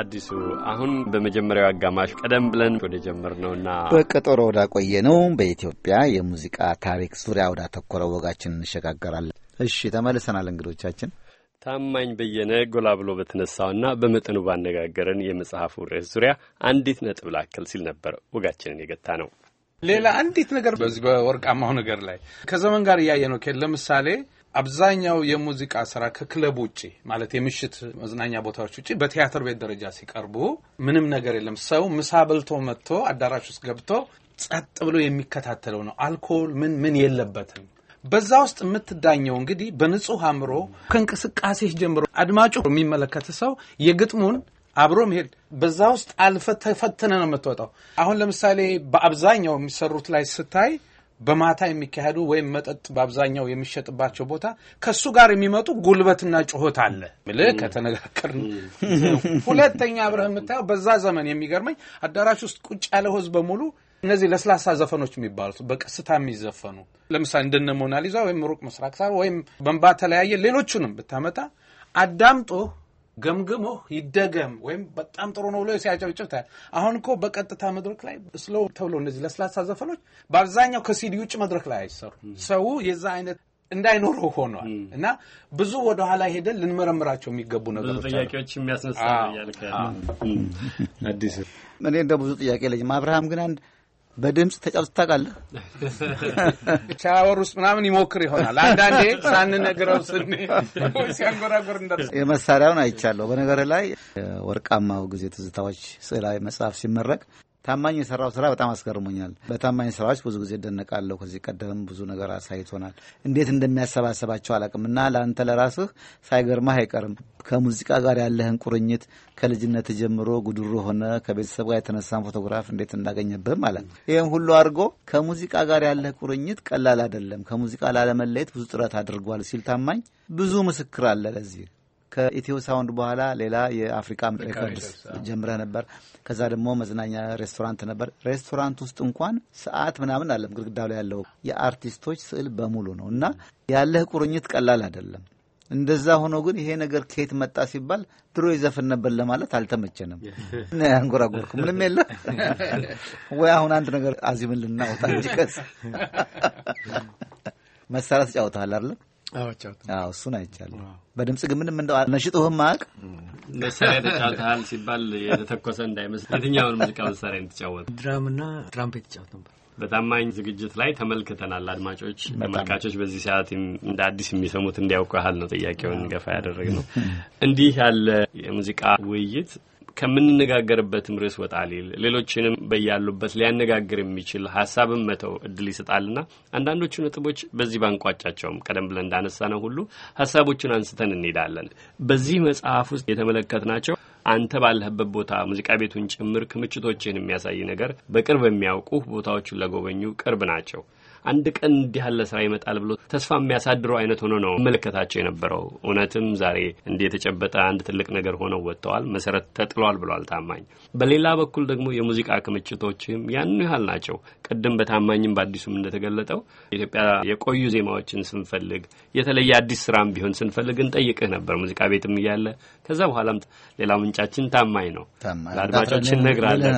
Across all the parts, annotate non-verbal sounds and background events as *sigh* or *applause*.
አዲሱ አሁን በመጀመሪያው አጋማሽ ቀደም ብለን ወደ ጀመር ነውና በቀጠሮ ወዳቆየ ነው በኢትዮጵያ የሙዚቃ ታሪክ ዙሪያ ወዳተኮረ ወጋችን እንሸጋገራለን። እሺ ተመልሰናል። እንግዶቻችን ታማኝ በየነ ጎላ ብሎ በተነሳውና በመጠኑ ባነጋገረን የመጽሐፉ ርዕስ ዙሪያ አንዲት ነጥብ ላክል ሲል ነበር ወጋችንን የገታ ነው። ሌላ አንዲት ነገር በዚህ በወርቃማው ነገር ላይ ከዘመን ጋር እያየ ነው። ለምሳሌ አብዛኛው የሙዚቃ ስራ ከክለብ ውጭ ማለት የምሽት መዝናኛ ቦታዎች ውጭ በቲያትር ቤት ደረጃ ሲቀርቡ ምንም ነገር የለም። ሰው ምሳ በልቶ መጥቶ አዳራሽ ውስጥ ገብቶ ጸጥ ብሎ የሚከታተለው ነው። አልኮል ምን ምን የለበትም። በዛ ውስጥ የምትዳኘው እንግዲህ በንጹህ አእምሮ ከእንቅስቃሴ ጀምሮ አድማጩ የሚመለከት ሰው የግጥሙን አብሮ መሄድ በዛ ውስጥ አልፈ ተፈትነ ነው የምትወጣው። አሁን ለምሳሌ በአብዛኛው የሚሰሩት ላይ ስታይ በማታ የሚካሄዱ ወይም መጠጥ በአብዛኛው የሚሸጥባቸው ቦታ ከእሱ ጋር የሚመጡ ጉልበትና ጩኸት አለ ብልህ ከተነጋገር ነው። *laughs* ሁለተኛ አብረህ የምታየው በዛ ዘመን የሚገርመኝ አዳራሽ ውስጥ ቁጭ ያለ ህዝብ በሙሉ እነዚህ ለስላሳ ዘፈኖች የሚባሉት በቅስታ የሚዘፈኑ ለምሳሌ እንደነ ሞናሊዛ ወይም ሩቅ ምስራቅ ሳር ወይም በንባ ተለያየ ሌሎቹንም ብታመጣ አዳምጦ ገምግሞ ይደገም ወይም በጣም ጥሩ ነው ብሎ ሲያጨብጭብታል። አሁን እኮ በቀጥታ መድረክ ላይ ስሎ ተብሎ እነዚህ ለስላሳ ዘፈኖች በአብዛኛው ከሲዲ ውጭ መድረክ ላይ አይሰሩ። ሰው የዛ አይነት እንዳይኖረው ሆኗል እና ብዙ ወደኋላ ሄደን ልንመረምራቸው የሚገቡ ነገሮች ጥያቄዎች የሚያስነሳ ያልከ አዲስ እኔ እንደ ብዙ ጥያቄ ለኝ አብርሃም ግን አንድ በድምፅ ተጫውተህ ታውቃለህ? *laughs* ሻወር ውስጥ ምናምን ይሞክር ይሆናል አንዳንዴ ሳንነግረው ስን ሲያንጎራጎር እንደርስ የመሳሪያውን አይቻለሁ። በነገር ላይ ወርቃማው ጊዜ ትዝታዎች ስዕላዊ መጽሐፍ ሲመረቅ ታማኝ የሰራው ስራ በጣም አስገርሞኛል። በታማኝ ስራዎች ብዙ ጊዜ እደነቃለሁ። ከዚህ ቀደምም ብዙ ነገር አሳይቶናል። እንዴት እንደሚያሰባሰባቸው አላቅም እና ለአንተ ለራስህ ሳይገርማህ አይቀርም። ከሙዚቃ ጋር ያለህን ቁርኝት ከልጅነት ጀምሮ ጉድሩ ሆነ ከቤተሰብ ጋር የተነሳን ፎቶግራፍ እንዴት እንዳገኘብህ ማለት ነው። ይህም ሁሉ አድርጎ ከሙዚቃ ጋር ያለህ ቁርኝት ቀላል አይደለም፣ ከሙዚቃ ላለመለየት ብዙ ጥረት አድርጓል ሲል ታማኝ ብዙ ምስክር አለ ለዚህ ከኢትዮ ሳውንድ በኋላ ሌላ የአፍሪካ ሬኮርድስ ጀምረህ ነበር። ከዛ ደግሞ መዝናኛ ሬስቶራንት ነበር። ሬስቶራንት ውስጥ እንኳን ሰዓት ምናምን አለም ግድግዳው ላይ ያለው የአርቲስቶች ስዕል በሙሉ ነው እና ያለህ ቁርኝት ቀላል አይደለም። እንደዛ ሆኖ ግን ይሄ ነገር ከየት መጣ ሲባል ድሮ ይዘፍን ነበር ለማለት አልተመቸንም። *laughs* ያንጎራጎርኩ ምንም የለ *laughs* ወይ አሁን አንድ ነገር አዚምን ልናወጣ እንጂ መሳሪያ ተጫውተሃል አይደለም እሱን አይቻለሁ። በድምፅ ግን ምንም እንደው ነሽጥህም ማቅ መሳሪያ ተጫውተሃል ሲባል የተተኮሰ እንዳይመስል የትኛውን ሙዚቃ መሳሪያ የተጫወት ድራምና ትራምፔት ተጫወት ነበር። በታማኝ ዝግጅት ላይ ተመልክተናል። አድማጮች፣ ተመልካቾች በዚህ ሰዓት እንደ አዲስ የሚሰሙት እንዲያውቁ ያህል ነው ጥያቄውን ገፋ ያደረግ ነው። እንዲህ ያለ የሙዚቃ ውይይት ከምንነጋገርበትም ርዕስ ወጣ ሊል ሌሎችንም በያሉበት ሊያነጋግር የሚችል ሀሳብን መተው እድል ይሰጣልና አንዳንዶቹ ነጥቦች በዚህ ባንቋጫቸውም ቀደም ብለን እንዳነሳ ነው ሁሉ ሀሳቦቹን አንስተን እንሄዳለን። በዚህ መጽሐፍ ውስጥ የተመለከትናቸው አንተ ባለህበት ቦታ ሙዚቃ ቤቱን ጭምር ክምችቶችን የሚያሳይ ነገር በቅርብ የሚያውቁ ቦታዎቹን ለጎበኙ ቅርብ ናቸው። አንድ ቀን እንዲህ ያለ ስራ ይመጣል ብሎ ተስፋ የሚያሳድረው አይነት ሆኖ ነው መለከታቸው የነበረው። እውነትም ዛሬ እንዲህ የተጨበጠ አንድ ትልቅ ነገር ሆነው ወጥተዋል። መሰረት ተጥሏል ብሏል ታማኝ። በሌላ በኩል ደግሞ የሙዚቃ ክምችቶችም ያንኑ ያህል ናቸው። ቅድም በታማኝም በአዲሱም እንደተገለጠው ኢትዮጵያ የቆዩ ዜማዎችን ስንፈልግ፣ የተለየ አዲስ ስራም ቢሆን ስንፈልግ እንጠይቅህ ነበር ሙዚቃ ቤትም እያለ ከዛ በኋላም ሌላ ምንጫችን ታማኝ ነው። ለአድማጮች እነግራለን።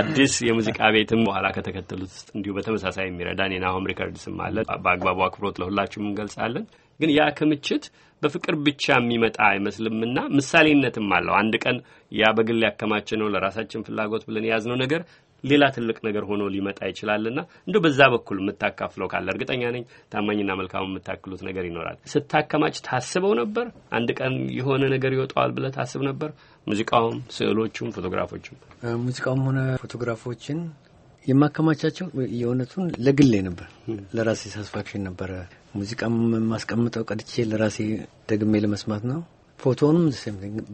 አዲስ የሙዚቃ ቤትም በኋላ ከተከተሉት ውስጥ እንዲሁ በተመሳሳይ የሚረዳን የናሆም ሪከርድስም አለ። በአግባቡ አክብሮት ለሁላችሁም እንገልጻለን። ግን ያ ክምችት በፍቅር ብቻ የሚመጣ አይመስልምና ምሳሌነትም አለው። አንድ ቀን ያ በግል ያከማቸ ነው ለራሳችን ፍላጎት ብለን የያዝነው ነገር ሌላ ትልቅ ነገር ሆኖ ሊመጣ ይችላልና እንደ በዛ በኩል የምታካፍለው ካለ እርግጠኛ ነኝ ታማኝና መልካሙ የምታክሉት ነገር ይኖራል። ስታከማች ታስበው ነበር አንድ ቀን የሆነ ነገር ይወጣዋል ብለህ ታስብ ነበር? ሙዚቃውም፣ ስዕሎቹም፣ ፎቶግራፎቹም ሙዚቃውም ሆነ ፎቶግራፎችን የማከማቻቸው የእውነቱን ለግሌ ነበር፣ ለራሴ ሳስፋክሽን ነበረ። ሙዚቃም የማስቀምጠው ቀድቼ ለራሴ ደግሜ ለመስማት ነው። ፎቶውንም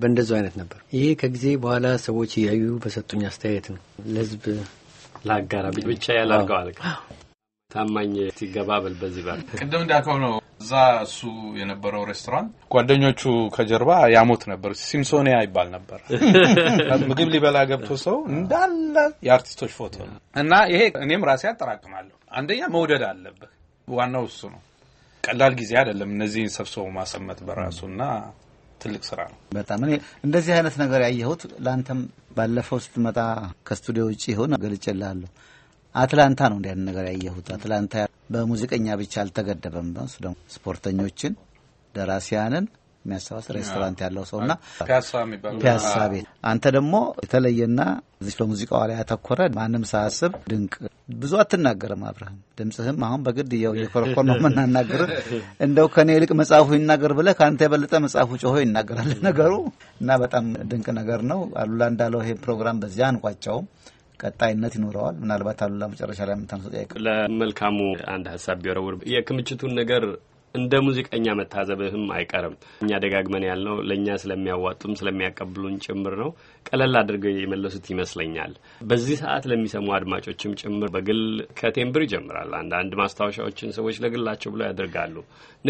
በእንደዚሁ አይነት ነበር። ይሄ ከጊዜ በኋላ ሰዎች እያዩ በሰጡኝ አስተያየት ነው ለህዝብ ለአጋራ ብቻ ያላርገዋል። ታማኝ ሲገባበል በዚህ በር ቅድም እንዳልከው ነው። እዛ እሱ የነበረው ሬስቶራንት ጓደኞቹ ከጀርባ ያሞት ነበር። ሲምሶኒያ ይባል ነበር። *laughs* ምግብ ሊበላ ገብቶ ሰው እንዳለ የአርቲስቶች ፎቶ ነው እና ይሄ እኔም ራሴ አጠራቅማለሁ። አንደኛ መውደድ አለብህ። ዋናው እሱ ነው። ቀላል ጊዜ አይደለም እነዚህን ሰብሰቡ ማሰመጥ በራሱ እና ትልቅ ስራ ነው። በጣም እኔ እንደዚህ አይነት ነገር ያየሁት ለአንተም ባለፈው ስትመጣ ከስቱዲዮ ውጭ ይሆን ገልጬልሃለሁ። አትላንታ ነው እንዲያን ነገር ያየሁት። አትላንታ በሙዚቀኛ ብቻ አልተገደበም እሱ ደግሞ ስፖርተኞችን፣ ደራሲያንን የሚያሰባስብ ሬስቶራንት ያለው ሰውና ፒያሳ ቤት አንተ ደግሞ የተለየና እዚህ በሙዚቃዋ ላይ ያተኮረ ማንም ሳያስብ ድንቅ ብዙ አትናገርም። አብርሃም ድምፅህም አሁን በግድ እየኮረኮር ነው የምናናገር። እንደው ከኔ ይልቅ መጽሐፉ ይናገር ብለህ ከአንተ የበለጠ መጽሐፉ ጮሆ ይናገራል *laughs* ነገሩ እና በጣም ድንቅ ነገር ነው። አሉላ እንዳለው ይሄ ፕሮግራም በዚያ አንቋጫውም ቀጣይነት ይኖረዋል። ምናልባት አሉላ መጨረሻ ላይ የምታነሱ ጥያቄ ለመልካሙ አንድ ሀሳብ ቢወረውር የክምችቱን ነገር እንደ ሙዚቀኛ መታዘብህም አይቀርም። እኛ ደጋግመን ያልነው ለእኛ ስለሚያዋጡም ስለሚያቀብሉን ጭምር ነው። ቀለል አድርገው የመለሱት ይመስለኛል። በዚህ ሰዓት ለሚሰሙ አድማጮችም ጭምር በግል ከቴምብር ይጀምራል። አንዳንድ ማስታወሻዎችን ሰዎች ለግላቸው ብለው ያደርጋሉ።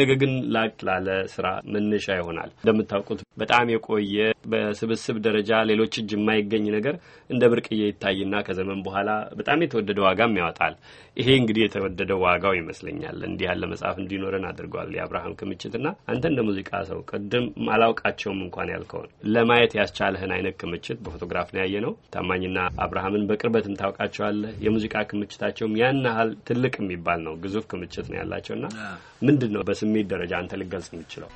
ነገ ግን ላቅ ላለ ስራ መነሻ ይሆናል። እንደምታውቁት በጣም የቆየ በስብስብ ደረጃ ሌሎች እጅ የማይገኝ ነገር እንደ ብርቅዬ ይታይና ከዘመን በኋላ በጣም የተወደደ ዋጋም ያወጣል። ይሄ እንግዲህ የተወደደ ዋጋው ይመስለኛል እንዲህ ያለ መጽሐፍ እንዲኖረን አድርገ አድርጓል የአብርሃም ክምችትና አንተ እንደ ሙዚቃ ሰው ቅድም አላውቃቸውም እንኳን ያልከውን ለማየት ያስቻለህን አይነት ክምችት በፎቶግራፍ ነው ያየ ነው። ታማኝና አብርሃምን በቅርበትም ታውቃቸዋለህ። የሙዚቃ ክምችታቸውም ያን ያህል ትልቅ የሚባል ነው፣ ግዙፍ ክምችት ነው ያላቸውና ምንድን ነው በስሜት ደረጃ አንተ ልገልጽ የምችለው?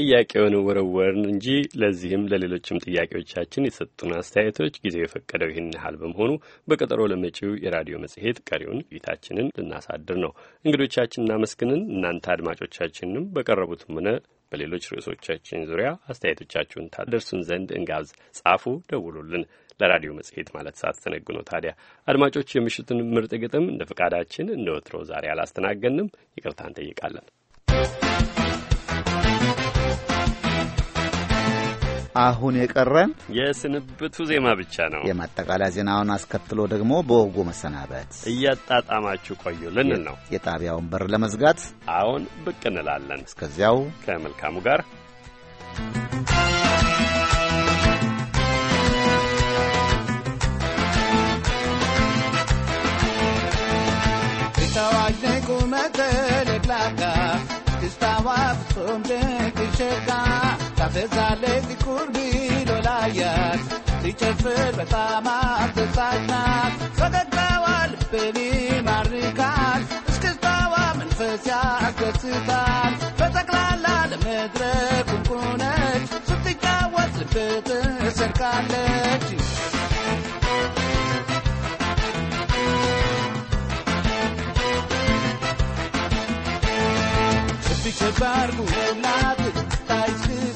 ጥያቄውን ወረወርን እንጂ ለዚህም ለሌሎችም ጥያቄዎቻችን የሰጡን አስተያየቶች ጊዜው የፈቀደው ይህን ያህል በመሆኑ በቀጠሮ ለመጪው የራዲዮ መጽሔት ቀሪውን ውይይታችንን ልናሳድር ነው። እንግዶቻችን እናመስግንን። እናንተ አድማጮቻችንንም በቀረቡትም ሆነ በሌሎች ርዕሶቻችን ዙሪያ አስተያየቶቻችሁን ታደርሱን ዘንድ እንጋብዝ። ጻፉ፣ ደውሉልን። ለራዲዮ መጽሔት ማለት ሳትዘነጉ ታዲያ አድማጮች፣ የምሽቱን ምርጥ ግጥም እንደ ፈቃዳችን እንደ ወትሮ ዛሬ አላስተናገንም ይቅርታ እንጠይቃለን። አሁን የቀረን የስንብቱ ዜማ ብቻ ነው። የማጠቃለያ ዜናውን አስከትሎ ደግሞ በወጉ መሰናበት እያጣጣማችሁ ቆዩ ልንል ነው። የጣቢያውን በር ለመዝጋት አሁን ብቅ እንላለን። እስከዚያው ከመልካሙ ጋር Thank you. ታፈዛለች ዚኩር ቢሎ ላያት ሲጨፍር በጣም አስደሳች ናት። ፈገግታዋ ልቤን ይማርካል፣ እስክስታዋ መንፈስ ያስደስታል። በጠቅላላ ለመድረክ ቁንቁነች ስትጫወት ልብ ትሰርቃለች። ስትሸባርጉ ናት ታይ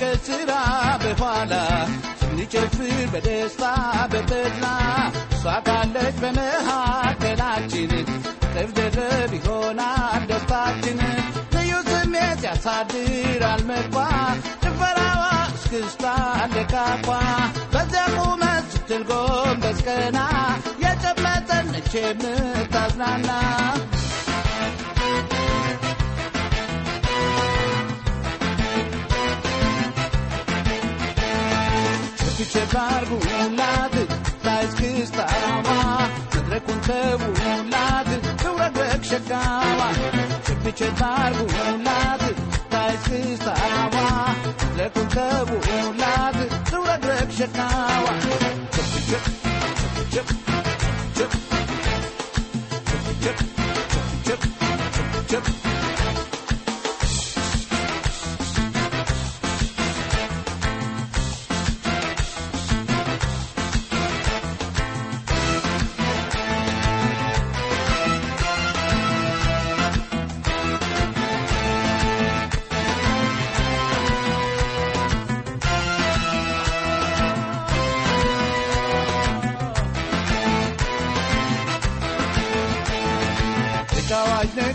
ከስራ በኋላ ስንጨፍር በደስታ በበላ እሷ ካለች በመካከላችን ደብደብ ይሆናል ደስታችን ልዩ ስሜት ያሳድር አልመቋ ጭፈራዋ እስክስታ ለካኳ በዚያ ቁመት ስትል ጎንበስ ቀና የጨመጠን የምታዝናና Și ce Dar scris tarawa Către pe Căura grec și gaua Ce fiice barbulat Dar scris tarawa Către pe Căura grec și gaua Ce fiice, ce fiice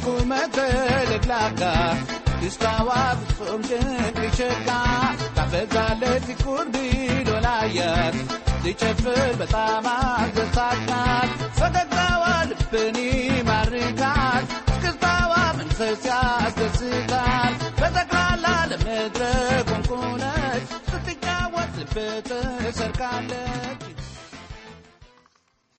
ቁመት ልቅላቃ ድስታዋ ፍጹም ድንቅ ሸቃ ታፈዛለች ኩርዲ ዶላያት በጣም አዘሳቃት ፈገግታዋ ልብን ይማርካል እስክስታዋ መንፈስ ያስደስታል በጠቅላላ ለመድረክ ቁንቁነች ስትጫወት ልብ